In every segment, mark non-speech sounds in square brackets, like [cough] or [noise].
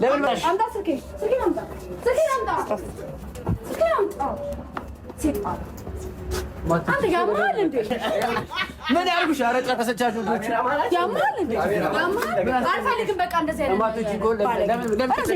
ለምን ምን ያርጉሽ? ኧረ ጨረሰቻችሁ። ያማል እንዴ? ያማል አልፈልግም። በቃ እንደዚህ አይነት ማቶች እኮ ለምን ለምን ለምን እንዴት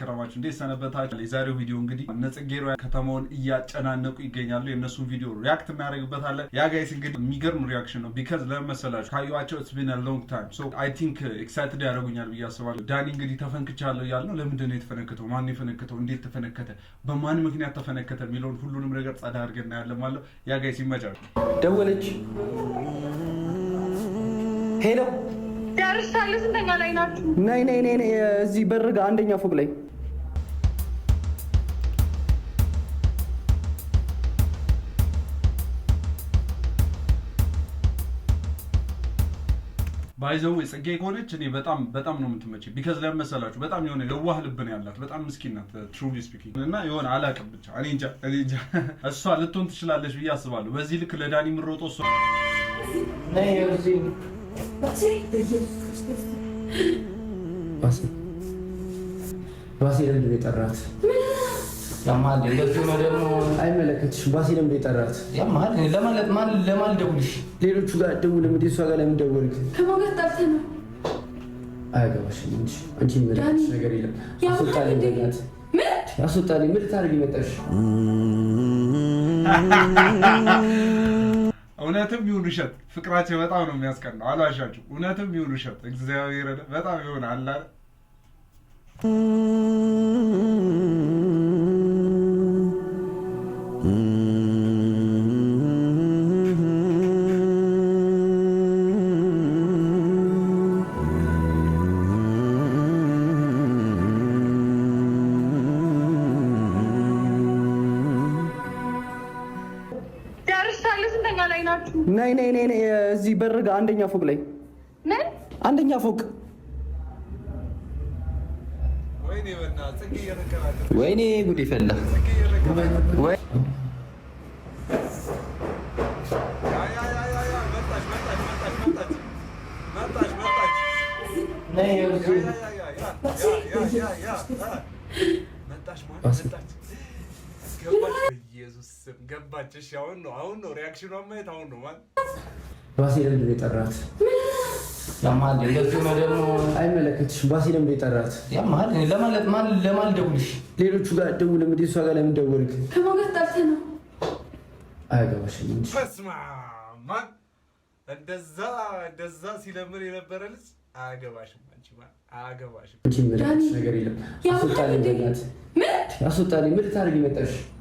ከረማችሁ? እንዴት ሰነበታችሁ? የዛሬው ቪዲዮ እንግዲህ እነ ጽጌሮ ከተማውን እያጨናነቁ ይገኛሉ። የእነሱን ቪዲዮ ሪያክት እናደርግበታለን። ያ ጋይስ እንግዲህ የሚገርም ሪያክሽን ነው። ቢካዝ ለምን መሰላችሁ? ካየኋቸው ኢትስ ቢን አ ሎንግ ታይም ሶ አይ ቲንክ ኤክሳይትድ ያደርጉኛል ብዬ አስባለሁ። ዳኒ እንግዲህ ተፈንክቻለሁ ያልነው ለምንድን ነው የተፈነክተው? ማን የተፈነከተው? እንዴት ተፈነከተ? በማን ምክንያት ተፈነከተ? የሚለውን ሁሉንም ነገር ጸዳ አድርገን እናያለን ማለት ነው። ያ ጋይ ሲመጫል ደወለች። ሄሎ፣ ደርሻለሁ። ስንተኛ ላይ ናችሁ? ነይ ነይ ነይ፣ እዚህ በር ጋር አንደኛ ፎቅ ላይ ባይዘው ጽጌ ከሆነች እኔ በጣም በጣም ነው የምትመቸኝ። ቢካዝ ለምን መሰላችሁ? በጣም የሆነ የዋህ ልብ ነው ያላት። በጣም ምስኪን ናት፣ ትሩሊ uh, ስፒኪንግ እና የሆነ አላውቅም ብቻ እኔ እንጃ እኔ እንጃ። [laughs] እሷ ልትሆን ትችላለች ብዬ አስባለሁ። በዚህ ልክ ለዳኒ ምሮጦ እሷ ባሴ ባሴ የጠራት ምን ያማል እንደዚህ ነው ደግሞ አይመለከትሽም። ባሴ ለምን የጠራት ያማል? ለማለት ማን ለማን ልደውልሽ? ሌሎቹ ጋር ደውል እንዴ? እሷ ጋር ለምን ደወልክ? ከሞገስ ጠርተ ነው። አያገባሽም እንጂ አንቺ የሚመለከትሽ ነገር የለም። አስወጣልኝ በእናትህ አስወጣልኝ። ምን ታደርጊ መጣሽ? እውነትም ይሁን ውሸት ፍቅራቸው በጣም ነው የሚያስቀናው። አልዋሻችሁ። እውነትም ይሁን ውሸት እግዚአብሔር በጣም ይሆን አላለ ነይ ነይ ነይ ነይ፣ እዚህ በር ጋር አንደኛ ፎቅ ላይ ምን አንደኛ ፎቅ። ወይኔ ጉድ ይፈላ። ገባች። አሁን ነው አሁን ነው ሪያክሽኗ ማየት አሁን ነው ማለት ባሴ ለምንድን ነው የጠራት? ያማል እንደዚህ ደግሞ አይመለከትሽም። ባሴ ለምንድን ነው የጠራት? ለማለት ማን ለማን ደውልሽ? ሌሎቹ ጋር ደውል እንዴ፣ እሷ ጋር ለምን ደወልክ? ከሞገስ ነው አይገባሽም እንጂ በስመ እንደዛ እንደዛ ሲለምር የነበረ ልጅ አያገባሽም አያገባሽም። ነገር የለም አስወጣልኝ፣ አስወጣልኝ። ምን ልታደርጊ መጣሽ?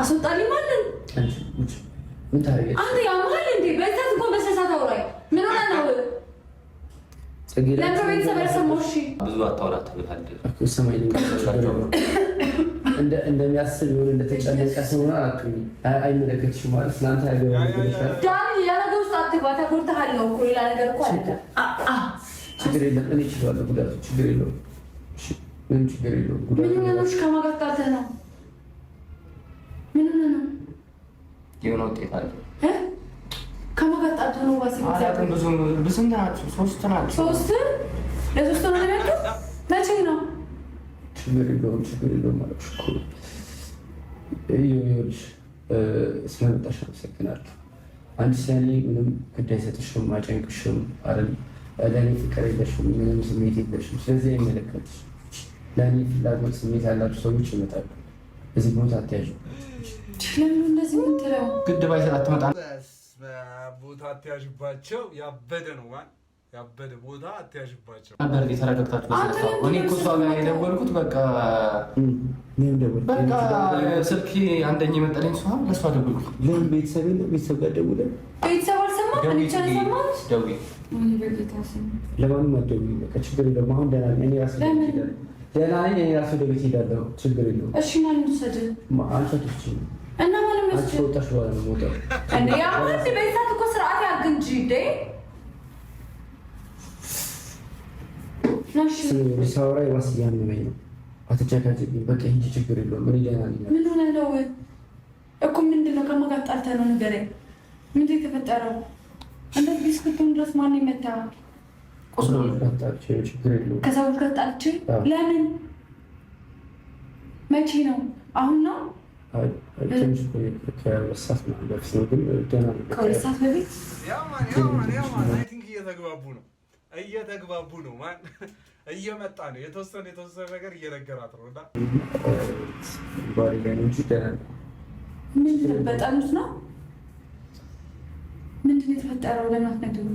አስወጣልኝ ማለት አንተ ያማል እንዴ? በዛት ጎንበስ ሳታውራኝ ምን ሆነ ነው? ብዙ አታውራት እንደሚያስብ የሆነ እንደተጨነቀ ሰው አይመለከትሽም ማለት ስለአንተ ያገባ ውስጥ አትግባ። ተጎድተሃል እኮ ሌላ ነገር እኮ ችግር የለም። እኔ እችላለሁ። ጉዳቱ ችግር የለውም። ምንም ችግር የለውም። ጉዳቱ ከማጋጣትህ ነው ምን ሆነ ነው? የሆነ ውጤት አለ ከመቀጣቱ ነው። ስንት ናችሁ? ሶስት ናችሁ? ሶስት ለሶስት ነው ያለው። መቼ ነው? ችግር የለውም ችግር የለውም አለች እኮ ይኸውልሽ፣ ስለመጣሽ አመሰግናለሁ። አንቺ ስለኔ ምንም ግድ አይሰጥሽም፣ አጨንቅሽም አይደል? ለእኔ ፍቅር የለሽም፣ ምንም ስሜት የለሽም። ስለዚህ አይመለከትሽ። ለእኔ ፍላጎት ስሜት ያላቸው ሰዎች ይመጣሉ። በዚህ ቦታ አትያዥ ግድባ አትመጣ ቦታ አትያዥባቸው። ያበደ ነው ማን ያበደ ቦታ አትያዥባቸው ነበር። የተረጋግታችሁ እኔ እኮ እሷ ጋር የደወልኩት በቃ ስልክ አንደኛ የመጠለኝ ሲሆን ለእሷ ደወልኩት። ለምን ቤተሰብ የለም ቤተሰብ ጋር ደውለ ቤተሰብ አልሰማሁም። ለማንም አትደውይም። በቃ ችግር የለውም። አሁን ደህና ነኝ እኔ ራስ ደህና ነኝ። እኔ እራሱ ወደ ቤት ሄዳለሁ። ችግር የለውም። እሺ ችግር የለውም። ምን ሆነ ነው እኮ ምንድን ነው? ከመጋጣልተ ነው ንገረኝ። ምንድን የተፈጠረው? እንደዚህ እስክትሆን ድረስ ማን ይመታ ከሰዎች ጋር ጣልቼ ለምን መቼ ነው? አሁን ነው ከሁለት እየተግባቡ ነው እየተግባቡ ነው እየመጣ ነው። የተወሰነ የተወሰነ ነገር እየነገራት ነው እና ምንድን ነው በጠሩት ነው ምንድን ነው የተፈጠረው? ለምን አትነግሪውም?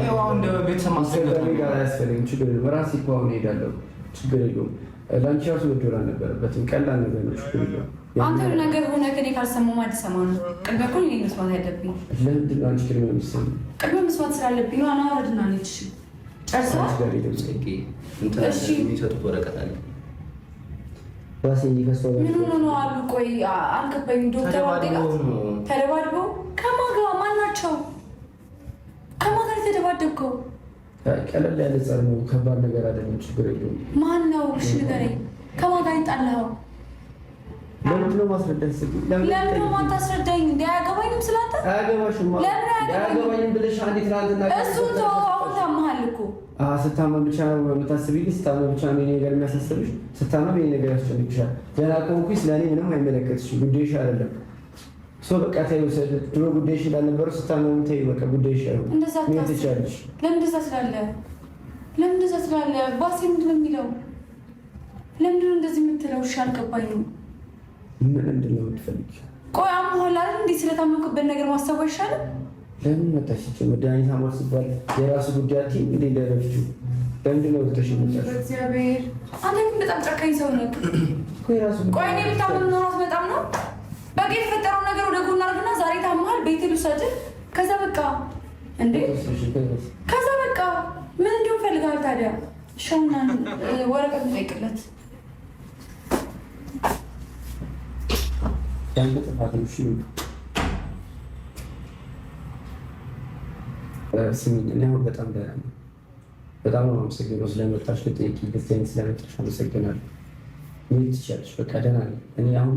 ችግር የለውም። ለአንቺ ራሱ ወዶር አልነበረበትም። ቀላል ነገር ነው። ችግር የለውም። አንተ ነገር ሆነ ከኔ ካልሰማሁም አዲስ ሰማ ነው። እኮ እኔ መስማት ያለብኝ ለምንድን ነው? አንቺ ቅድመ የሚሰማ ቅድመ መስማት ስላለብኝ ነው። አናወረድና ነች ጨርሰዋል። የሚሰጡት ወረቀት አለ ምን ሆኖ ነው አሉ። ቆይ አልገባኝም። ዶክተር ተደባድበው ከማን ጋር ማን ናቸው? የተደባደብከው? ቀለል ያለ ጸር ነው፣ ከባድ ነገር አይደለም። ችግር የለውም። ማን ነው? እሺ ንገረኝ። ከማን ጋር ይጣልኸው? ለምንድን ነው ማስረዳኝ? ስትይ ለምንድን ነው ማታስረዳኝ? እንደ አያገባኝም ስላንተ አያገባሽም። ለምን አያገባኝም ብለሽ አንዴ ትናንትና እሱን ተወው። አሁን ታመሃል እኮ ስታመም ብቻ ነው የምታስቢልኝ? ስታመም ብቻ ነው ነገር የሚያሳስብሽ? ስታመም ይሄ ነገር ያስጨንቅሻል። ገና ቆንኩኝ። ስለእኔ ምንም አይመለከትሽም። ጉዳይሽ አይደለም ሰው በቃ ተይው ውሰድ። ድሮ ጉዳይሽ እንዳልነበረ ስታመሙ ተይው በቃ ጉዳይሽ ትችላለሽ። ለምን እንደዛ ስላለ ለምን እንደዛ ስላለ ባሴ ምንድን ነው የሚለው? ለምንድን ነው እንደዚህ የምትለው? እሺ አልገባኝም። ምን ነው የምትፈልጊው? ቆይ አምሆላ እንዲ ስለታመምክበት ነገር ማሰብ አይሻልም? ለምን መጣሽ? መድኃኒት አማር ሲባል የራሱ ጉዳይ እንግዲህ እንግዲ እንዳለች ለምንድን ነው ወጥተሽ መጣሽ? እግዚአብሔር አንተ ግን በጣም ጨካኝ ሰው ነው። ቆይ ራሱ ቆይ እኔ ብታመም ኖሮ አትመጣም ነው ነገ የተፈጠረው ነገር ወደ ጎን አድርግና ዛሬ ታመሃል ቤት ልውሰድህ። ከዛ በቃ እንዴ ከዛ በቃ ምን እንዲሁም ፈልጋል ታዲያ ሸናን ወረቀት ጠይቅለት ያንተ ስሚኝ፣ እኔ አሁን በጣም ደህና ነኝ። በጣም ነው አመሰግነው ስለመጣሽ፣ ልጠይቅ ስለመጣሽ አመሰግናለሁ። ምን ትችያለሽ? በቃ ደህና ነኝ እኔ አሁን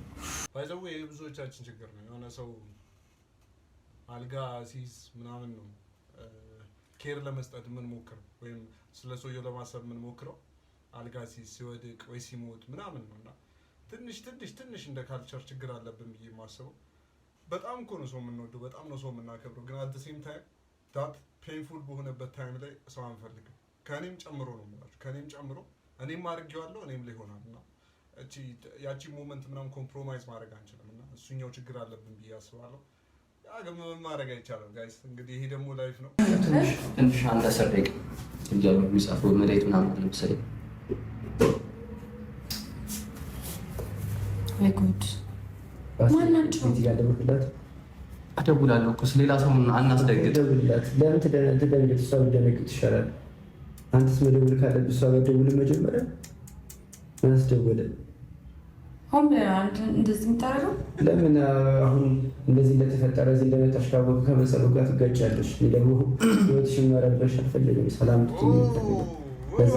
የብዙዎቻችን ችግር ነው። የሆነ ሰው አልጋ ሲይዝ ምናምን ነው ኬር ለመስጠት የምንሞክረው ወይም ስለ ሰውየው ለማሰብ የምንሞክረው አልጋ ሲይዝ ሲወድቅ ወይ ሲሞት ምናምን ነው እና ትንሽ ትንሽ ትንሽ እንደ ካልቸር ችግር አለብን ብዬ የማስበው በጣም እኮ ነው ሰው የምንወደው፣ በጣም ነው ሰው የምናከብረው። ግን አት ሴም ታይም ዳት ፔንፉል በሆነበት ታይም ላይ ሰው አንፈልግም። ከእኔም ጨምሮ ነው የምላችሁ፣ ከእኔም ጨምሮ እኔም አድርጌዋለሁ፣ እኔም ላይ ሆናል እና ያቺ ሞመንት ምናምን ኮምፕሮማይዝ ማድረግ አንችልም። እሱኛው ችግር አለብን ብዬ አስባለሁ። አገም ማድረግ አይቻልም ጋይስ። እንግዲህ ይሄ ደግሞ ላይፍ ነው። ትንሽ አንድ አስር ደቂቃ እያሉ የሚጻፉ መሬት ምናምን ለምሳሌ እደውላለሁ እኮ ስለሌላ ሰው አናስደግጥ። ለምን ትደነግጥ? እሷ ብትደነግጥ ይሻላል። አንተስ መደውል ካለብህ እሷ በደውል መጀመሪያ አስደወለ ሆን ብለህ እንደዚህ የምታደርገው ለምን? አሁን እንደዚህ እንደተፈጠረ እዚህ እንደመጣሽ ካወቅ ከመጸሉ ጋር ትጋጫለሽ። ደግሞ ህይወትሽን መረበሽ አልፈልግም። ሰላም ቤተሰቦች ጋር ትጋጫ ኒው uh,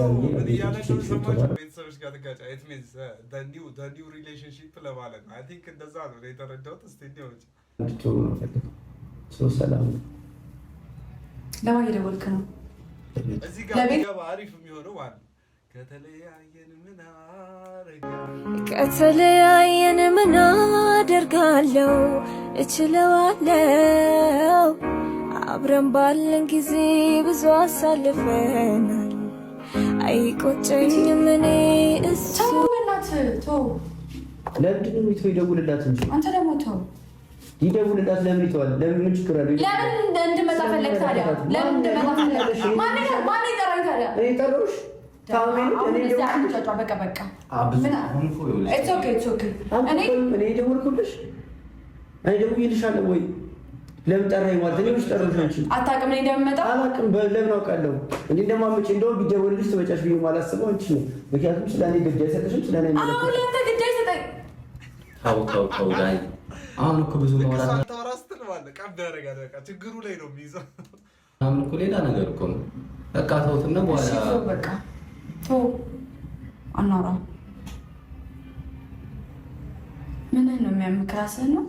ለማለት ነው። አይ ቲንክ እንደዛ ነው የተረዳሁት። እስኪ ሰላም ለማን እየደወልክ ነው? እዚህ ጋር አሪፍ የሚሆነው ማለት ነው ከተለያየ ከተለያየን ምን አደርጋለው? እችለዋለው። አብረን ባለን ጊዜ ብዙ አሳልፈናል። አይቆጨኝም እኔ እሱ ለምንድን ነው የሚተው? ይደውልላት እንጂ አንተ ደግሞ ተው። ይደውልላት ለምን ይተዋል? ለምን ምን ችግር አለው? ለምን እንድመጣ ፈለግ ታዲያ? ለምን እንድመጣ ፈለግ? ማን ማን ይጠራኝ ታዲያ? እኔ ጠራሁሽ እደውልልሻለሁ ወይ ለምን ጠራኸኝ? ማለት እኔ ውስጥ ጠራሁሽ አንቺ አታውቅም። እኔ እንደምመጣ አላውቅም። ለምን አውቃለሁ? እንደ እንደማመጪ እንደውም ቢደወልልሽ ትመጫሽ ብዬ የማላስበው አንቺ ነው። ምክንያቱም ስለ እኔ ግድ አይሰጥሽም። ስለ እኔ አሁን እኮ ብዙ ችግሩ ላይ ነው የሚይዘው። ሌላ ነገር እኮ ነው። በቃ ተውትና በኋላ ቶ አናውራ ምን ነው የሚያምክ ራስህ ነው።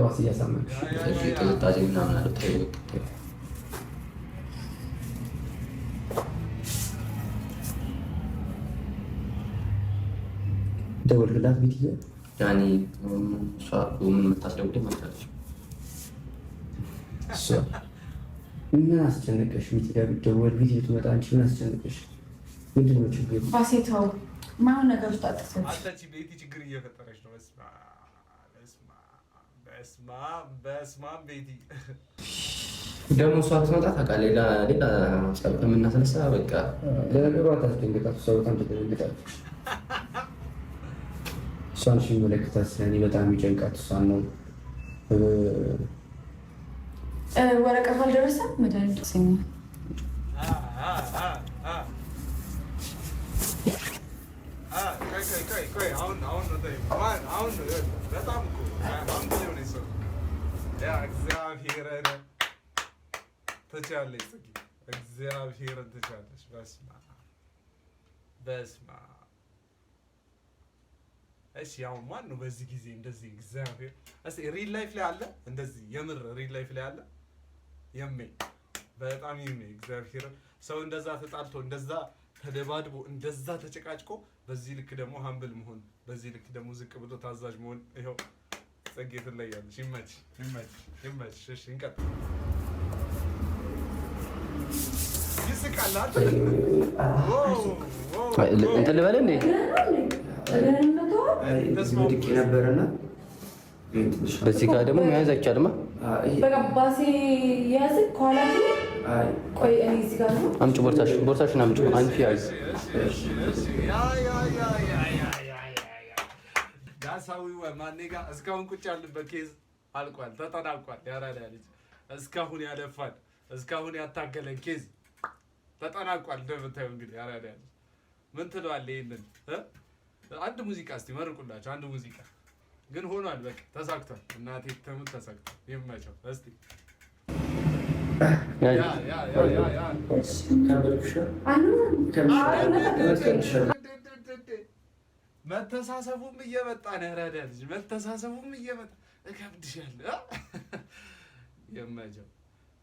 የባስ እያሳመንሽ ጥንጣዜ ምናምን አለ ደወልክላት ቤትዬ ያኔ ምን የምታስደውል መታለች ምን አስጨነቀሽ? ደወል ቪዲዮ ትመጣ አንቺ ምን አስጨነቀሽ? ምንድን ነው ችግሩ? ባሴተው ነገር ውስጥ አጥቅሰች ቤቲ ችግር እየፈጠረች ነው። ቤቲ ደግሞ እሷ ብትመጣ ታውቃለህ፣ ሌላ ሌላ ጸብ በቃ ለነገሩ አታስደንግጣት። እሷ በጣም ተደነግጣለች። እሷን ሲመለከታት ስለኔ በጣም ይጨንቃት እሷን ነው ወረቀቱ አልደረሰም። መድኃኒቱ እግዚአብሔርን ትቻለች። በስመ አብ እሺ ያው ማን ነው በዚህ ጊዜ እንደዚህ እግዚአብሔር ሪል ላይፍ ላይ አለ እንደዚህ የምር ሪል ላይፍ ላይ አለ የሜ በጣም የሜ እግዚአብሔር ሰው እንደዛ ተጣልቶ እንደዛ ተደባድቦ እንደዛ ተጨቃጭቆ በዚህ ልክ ደግሞ ሀምብል መሆን በዚህ ልክ ደግሞ ዝቅ ብሎ ታዛዥ መሆን ይኸው ጽጌ ትለያለች። ይመች ይመች ይመች። እሺ እንቀጥል። ይስቃል አይደል? እንትን ልበል እንዴ ነበርና በዚህ ጋር ደግሞ መያዝ አይቻልማ። አምጪ፣ ቦርሳሽን ቦርሳሽን አምጪ። አንቺ ያዝ እስካሁን ቁጭ ያልንበት ኬዝ አልቋል፣ ተጠናቋል። ያራዳ ልጅ እስካሁን ያለፋል፣ እስካሁን ያታገለን ኬዝ ተጠናቋል። እንደምታየው እንግዲህ ያራዳ ልጅ ምን ትለዋለህ? ይሄንን አንድ ሙዚቃ እስቲ መርቁላቸው፣ አንድ ሙዚቃ ግን ሆኗል። በቃ ተሳክቷል። እናቴ ተሙት ተሳክቷል። ይመቸው። እስቲ መተሳሰቡም እየመጣ ነው። ረዳ ልጅ መተሳሰቡም እየመጣ እከብድሻለሁ። ይመቸው፣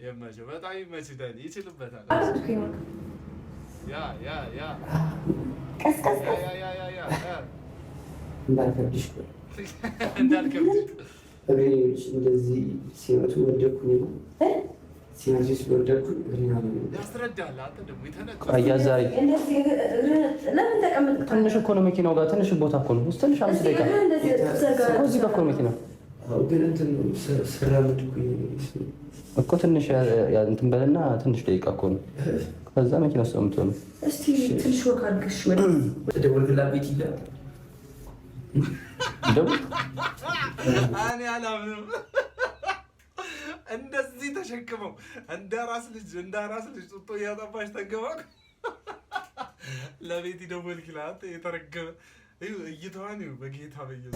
ይመቸው። በጣም ይመችታል። ይችልበታል። ያ ያ ያ ያ ያ ያ ያ እንደዚህ ሲመቱ ወደኩ ሲመቱ ሲወደኩ አያዛሪ ትንሽ እኮ ነው መኪናው ጋር ትንሽ ቦታ እኮ ነው ትንሽ አምስት ደቂቃ እዚህ ጋር እኮ ነው መኪናው እኮ ትንሽ እንትን በልና ትንሽ ደቂቃ እኮ ነው። ከዛ መኪና ውስጥ የምትሆነው እኔ አላምንም። እንደዚህ ተሸክመው እንደ አራስ ልጅ እንደ አራስ ልጅ ጡጦ እያጠባሽ ተገባ ለቤት ይደወልኪል። አንተ የተረገበ እይተዋን በጌታ በየ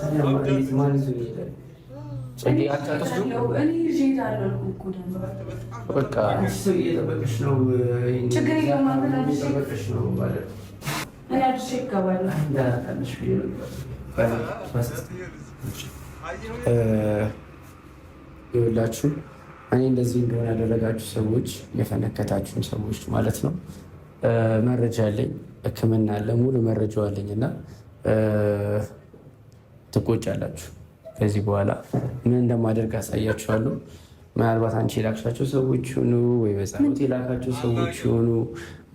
ይኸውላችሁ እኔ እንደዚህ እንደሆነ ያደረጋችሁ ሰዎች የፈነከታችሁን ሰዎች ማለት ነው፣ መረጃ አለኝ፣ ሕክምና አለ፣ ሙሉ መረጃው አለኝ እና ትቆጫላችሁ። ከዚህ በኋላ ምን እንደማደርግ አሳያችኋለሁ። ምናልባት አንቺ የላክሻቸው ሰዎች ሆኑ ወይ በጻት የላካቸው ሰዎች ሆኑ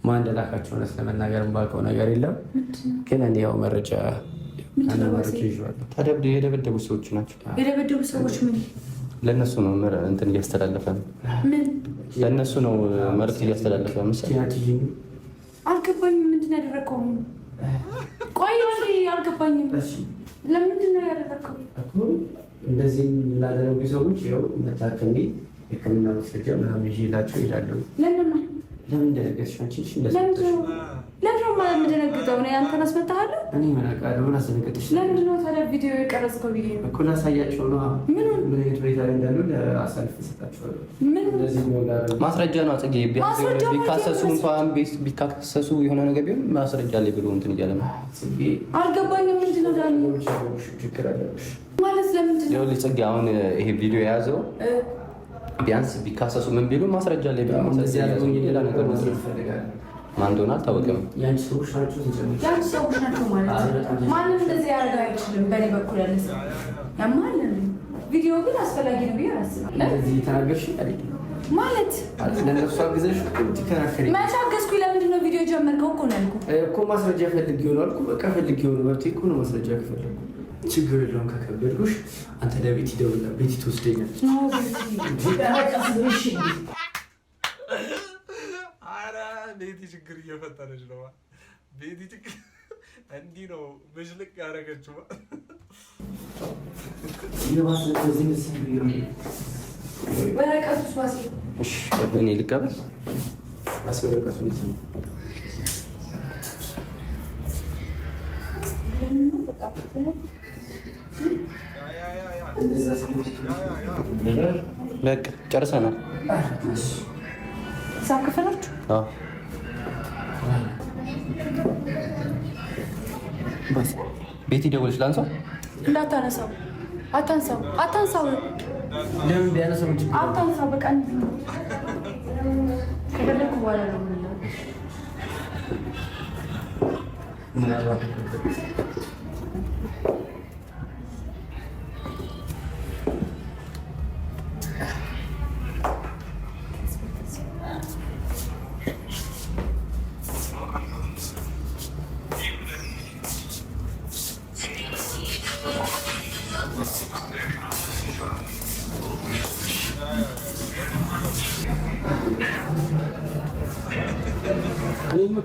ማን እንደላካቸው እውነት ለመናገር ባውቀው ነገር የለም ግን እኔ ያው መረጃ የደበደቡ ሰዎች ናቸው። የደበደቡ ሰዎች ምን ለእነሱ ነው እንትን እያስተላለፈ ነው። ምን ለእነሱ ነው መርት እያስተላለፈ መሰለኝ። አልገባኝም። ምንድን ያደረገው? ቆይ አልገባኝም። ለምንድን ነው ያደረገው? እንደዚህ ላደረጉ ሰዎች ው መታከሚ ሕክምና መስረጃ ምናምን ይዤላቸው እሄዳለሁ። ለምን ለምን ለምን የምደነግጠው? እኔ እኔ ምን አውቃለሁ? ምን አስደነገጥሽ? ለምንድን ነው ታዲያ ቪዲዮ የቀረጽከው? ብዬ ነው እኮ ላሳያቸው ነው። ማስረጃ ነው ጽጌ። ቢካሰሱ እንኳን ቢካሰሱ የሆነ ነገር ቢሆን ማስረጃ ላይ ብሎ እንትን እያለ ነው። አልገባኝም። ምንድን ነው ማለት ለምንድን ነው ጽጌ? አሁን ይሄ ቪዲዮ የያዘው ቢያንስ ቢካሰሱ ምን ቢሉ ማስረጃ ላይ ብሎ ሌላ ነገር ማን እንደሆነ አልታወቅም። የአንቺ ሰዎች ናቸው ማለት ማንም እንደዚህ ያደርግ አይችልም። በእኔ በኩል ያለ ሰው ያማል። ቪዲዮ ግን አስፈላጊ ነው ብዬ አላስብም። ተናገርሽ ማለት ለነሱ አግዘሽ ትከራከሪ መቼ አገዝኩኝ? ለምንድን ነው ቪዲዮ ጀመርከው? እኮ ነው እኮ ማስረጃ ፈልግ ይሆን አልኩ። በቃ ፈልግ ይሆን መብት እኮ ነው ማስረጃ ከፈለግኩ ችግር የለውም። ከከበድኩሽ አንተ ለቤት ይደውላል ቤት ትወስደኛል ቤቲ ችግር እየፈጠረች ነው። ቤቲ ችግር [laughs] እንዲህ ነው ምሽልቅ ያደረገችው። እኔ ልቀበል በቃ ጨርሰናል። ቤት ደውልሽ ላንሳው? እንዳታነሳው። አታንሳው፣ አታንሳው። ለምን ቢያነሳው እንጂ አታንሳው። በቃ ከደለኩ በኋላ ነው ምናልባት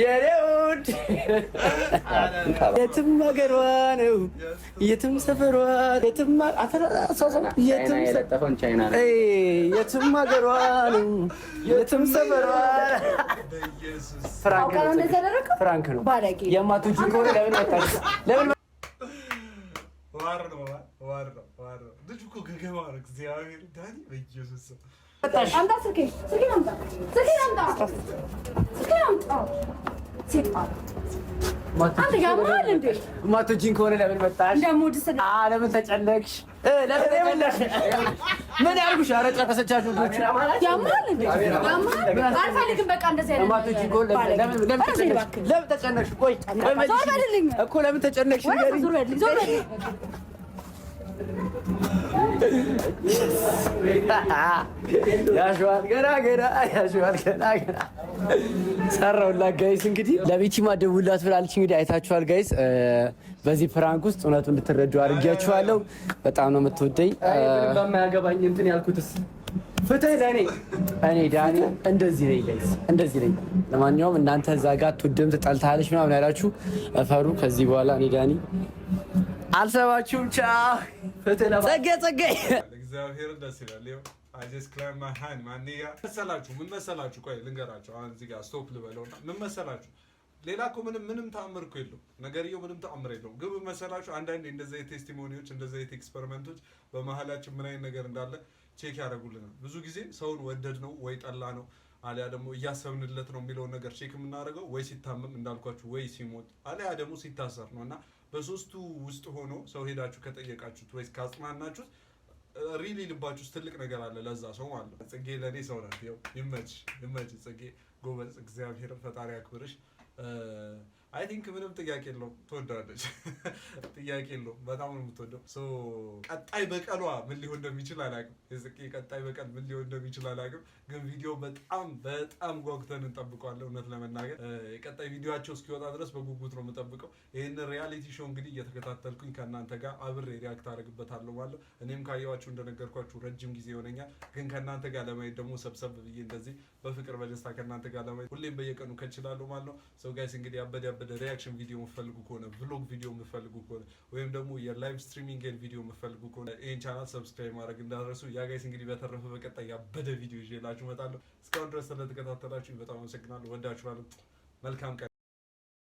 የኔ ውድ የትም ሀገሯ ነው የትም ሰፈሯ የትም ሀገሯ ነው የትም ሰፈሯ ፍራንክ ነው። የማትወጪ ከሆነ ለምን መጣሽ? ለምን ዋር ነው ዋር ነው ዋር ነው ልጅ እኮ ገገማ ነው እግዚአብሔር ዳኒ በኢየሱስ ማቶጂን ከሆነ ለምን መጣሽ? ለምን ተጨነቅሽ? ምን ያልኩሽ? ኧረ ጨረሰቻችሁ። ለምን ተጨነቅሽ? ቆይ እኮ ለምን ተጨነቅሽ? ያሸዋል ገና ገና ያሸዋል ገና ገና ሰራውላት። ጋይስ እንግዲህ ለቤቲ ደውላት ብላለች። እንግዲህ አይታችኋል ጋይስ፣ በዚህ ፕራንክ ውስጥ እውነቱ እንድትረዱ አድርጌያችኋለሁ በጣም ነው የምትወደኝ። በማያገባኝ እንትን ያልኩትስ ፍትህ ለእኔ እኔ ዳኒ እንደዚህ ነኝ ጋይስ፣ እንደዚህ ነኝ። ለማንኛውም እናንተ እዛ ጋ ትውድም ትጠልታለች ምናምን ያላችሁ እፈሩ። ከዚህ በኋላ እኔ ዳኒ አልሰማችሁም? ቻ ጸጋ ጸጋይ እግዚአብሔር ደስ ይላል። አጀስ ክላማ ማንያ መሰላችሁ ምን መሰላችሁ? ቆይ ልንገራቸው። አሁን እዚህ ጋር ስቶፕ ልበለውና ምን መሰላችሁ? ሌላ እኮ ምንም ምንም ተአምር እኮ የለውም ነገርየው፣ ምንም ተአምር የለውም። ግን መሰላችሁ አንዳንዴ እንደዚህ አይነት ቴስቲሞኒዎች፣ እንደዚህ አይነት ኤክስፐሪመንቶች በመሀላችን ምን አይነት ነገር እንዳለ ቼክ ያደርጉልናል። ብዙ ጊዜ ሰውን ወደድ ነው ወይ ጠላ ነው አሊያ ደግሞ እያሰብንለት ነው የሚለውን ነገር ቼክ የምናደርገው ወይ ሲታመም እንዳልኳችሁ፣ ወይ ሲሞት አሊያ ደግሞ ሲታሰር ነው እና በሶስቱ ውስጥ ሆኖ ሰው ሄዳችሁ ከጠየቃችሁት ወይ ካጽናናችሁት ሪሊ ልባችሁ ውስጥ ትልቅ ነገር አለ ለዛ ሰው ማለት ነው። ጽጌ ለእኔ ሰው ናት። ይመች ይመች ጽጌ ጎበዝ። እግዚአብሔር ፈጣሪ አክብርሽ። አይ ቲንክ ምንም ጥያቄ የለውም። ትወደዋለች፣ [laughs] ጥያቄ የለውም። በጣም ነው የምትወደው። ቀጣይ በቀሏ ምን ሊሆን እንደሚችል አላውቅም። የጽጌ ቀጣይ በቀል ምን ሊሆን እንደሚችል አላውቅም፣ ግን ቪዲዮ በጣም በጣም ጓጉተን እንጠብቀዋለን። እውነት ለመናገር የቀጣይ ቪዲዮቸው እስኪወጣ ድረስ በጉጉት ነው የምጠብቀው። ይህን ሪያሊቲ ሾው እንግዲህ እየተከታተልኩኝ ከእናንተ ጋር አብሬ ሪያክት አደርግበታለሁ ማለት እኔም ካየዋቸው እንደነገርኳችሁ ረጅም ጊዜ ይሆነኛል፣ ግን ከእናንተ ጋር ለማየት ደግሞ ሰብሰብ ብዬ እንደዚህ በፍቅር በደስታ ከእናንተ ጋር ለማየት ሁሌም በየቀኑ ከችላለሁ ማለት ነው። ሰው ጋይስ እንግዲህ አበደ ከበደ ሪያክሽን ቪዲዮ የምፈልጉ ከሆነ ብሎግ ቪዲዮ የምፈልጉ ከሆነ ወይም ደግሞ የላይቭ ስትሪሚንግን ቪዲዮ የምፈልጉ ከሆነ ይህን ቻናል ሰብስክራይብ ማድረግ እንዳትረሱ። ያጋይስ እንግዲህ በተረፈ በቀጣይ ያበደ ቪዲዮ ይዤላችሁ እመጣለሁ። እስካሁን ድረስ ስለተከታተላችሁ በጣም አመሰግናለሁ። ወዳችኋለሁ። መልካም ቀን